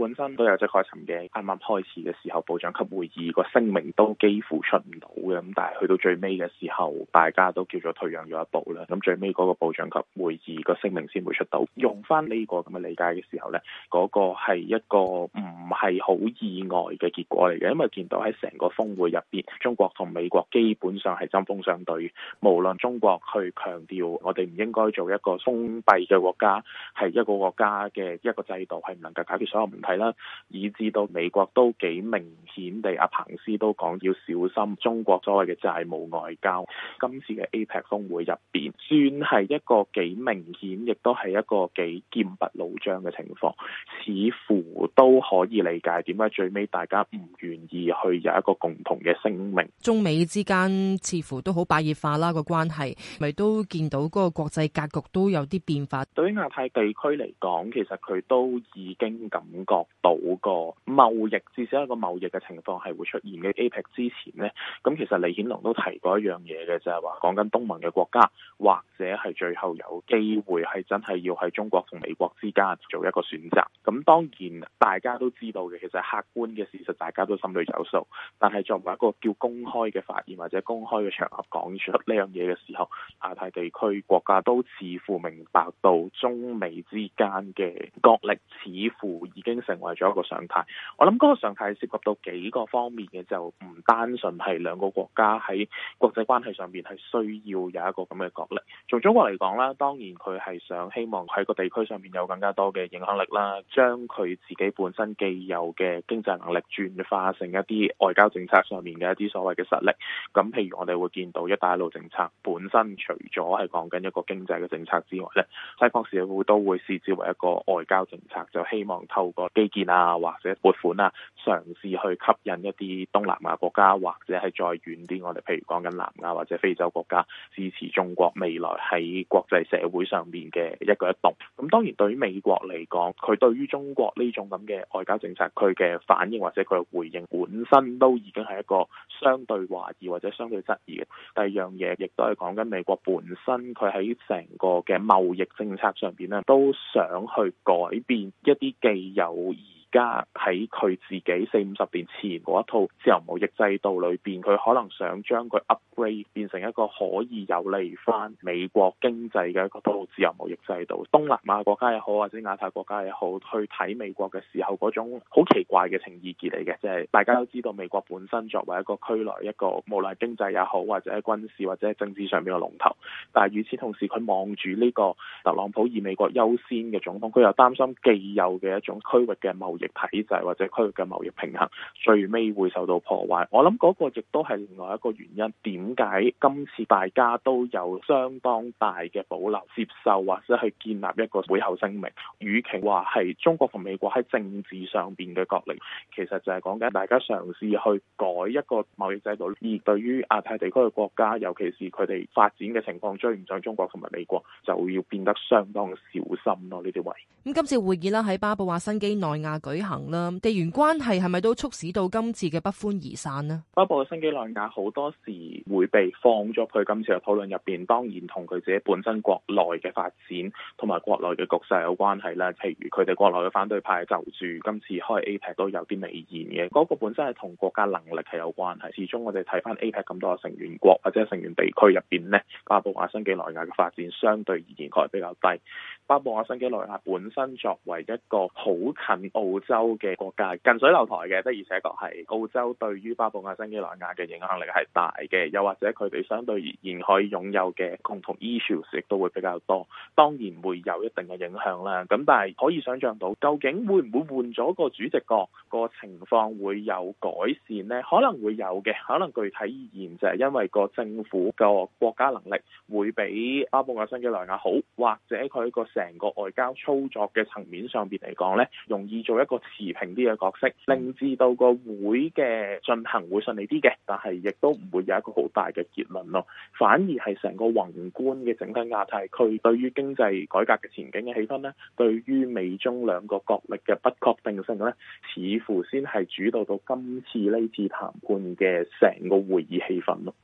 本身都有即係沉嘅啱啱開始嘅時候，部長級會議個聲明都幾乎出唔到嘅。咁但係去到最尾嘅時候，大家都叫做退讓咗一步啦。咁最尾嗰個部長級會議個聲明先會出到。用翻呢個咁嘅理解嘅時候咧，嗰、那個係一個唔係好意外嘅結果嚟嘅，因為見到喺成個峰會入邊中國同美國基本上係針鋒相對，無論中國去強調我哋唔應該做一個封閉嘅國家，係一個國家嘅一個制度係唔能夠解決所有問題。係啦，以至到美國都幾明顯地，阿彭斯都講要小心中國所謂嘅債務外交。今次嘅 APEC 峯會入邊算係一個幾明顯亦都係一個幾劍拔弩張嘅情況，似乎都可以理解點解最尾大家唔願意去有一個共同嘅聲明。中美之間似乎都好白熱化啦，個關係咪都見到個國際格局都有啲變化。對於亞太地區嚟講，其實佢都已經感覺。到個貿易，至少一個貿易嘅情況係會出現嘅。APEC 之前呢，咁其實李顯龍都提過一樣嘢嘅，就係話講緊東盟嘅國家，或者係最後有機會係真係要喺中國同美國之間做一個選擇。咁當然大家都知道嘅，其實客觀嘅事實大家都心裏有數。但係作為一個叫公開嘅發言或者公開嘅場合講出呢樣嘢嘅時候，亞太地區國家都似乎明白到中美之間嘅角力，似乎已經成為咗一個常態。我諗嗰個常態涉及到幾個方面嘅，就唔單純係兩個國家喺國際關係上面係需要有一個咁嘅角力。從中國嚟講啦，當然佢係想希望喺個地區上面有更加多嘅影響力啦。將佢自己本身既有嘅經濟能力轉化成一啲外交政策上面嘅一啲所謂嘅實力。咁，譬如我哋會見到一帶一路政策本身，除咗係講緊一個經濟嘅政策之外咧，西方社會都會視之為一個外交政策，就希望透過基建啊，或者撥款啊，嘗試去吸引一啲東南亞國家，或者係再遠啲，我哋譬如講緊南亞或者非洲國家支持中國未來喺國際社會上面嘅一舉一動。咁當然對於美國嚟講，佢對於於中國呢種咁嘅外交政策，佢嘅反應或者佢嘅回應，本身都已經係一個相對懷疑或者相對質疑嘅。第二樣嘢，亦都係講緊美國本身，佢喺成個嘅貿易政策上邊咧，都想去改變一啲既有。家喺佢自己四五十年前一套自由貿易制度裏邊，佢可能想將佢 upgrade 變成一個可以有利翻美國經濟嘅一套自由貿易制度。東南亞國家也好，或者亞太國家也好，去睇美國嘅時候，嗰種好奇怪嘅情意結嚟嘅，即係大家都知道美國本身作為一個區內一個無論係經濟也好，或者係軍事或者係政治上面嘅龍頭，但係與此同時，佢望住呢個特朗普以美國優先嘅總統，佢又擔心既有嘅一種區域嘅貿易體制或者區域嘅貿易平衡最尾會受到破壞，我諗嗰個亦都係另外一個原因。點解今次大家都有相當大嘅保留接受或者去建立一個會後聲明？與其話係中國同美國喺政治上邊嘅角力，其實就係講緊大家嘗試去改一個貿易制度。而對於亞太地區嘅國家，尤其是佢哋發展嘅情況追唔上中國同埋美國，就要變得相當小心咯。呢啲位，咁今次會議啦，喺巴布亞新幾內亞旅行啦，地緣關係係咪都促使到今次嘅不歡而散呢？巴布亞、啊、新幾內亞好多時會被放咗去今次嘅討論入邊，當然同佢自己本身國內嘅發展同埋國內嘅局勢有關係啦。譬如佢哋國內嘅反對派就住今次開 APEC 都有啲微言嘅，嗰、那個本身係同國家能力係有關係。始終我哋睇翻 APEC 咁多嘅成員國或者成員地區入邊呢，巴布亞、啊、新幾內亞嘅發展相對而言確係比較低。巴布亞、啊、新幾內亞本身作為一個好近澳。澳洲嘅國家近水樓台嘅，的而且確係澳洲對於巴布亞新幾內亞嘅影響力係大嘅，又或者佢哋相對而言，可以擁有嘅共同 issues 亦都會比較多，當然會有一定嘅影響啦。咁但係可以想象到，究竟會唔會換咗個主席國個情況會有改善呢？可能會有嘅。可能具體而言就係因為個政府個國家能力會比巴布亞新幾內亞好，或者佢個成個外交操作嘅層面上面嚟講呢，容易做一。個持平啲嘅角色，令至到個會嘅進行會順利啲嘅，但係亦都唔會有一個好大嘅結論咯。反而係成個宏觀嘅整體亞太區對於經濟改革嘅前景嘅氣氛咧，對於美中兩個國力嘅不確定性咧，似乎先係主導到今次呢次談判嘅成個會議氣氛咯。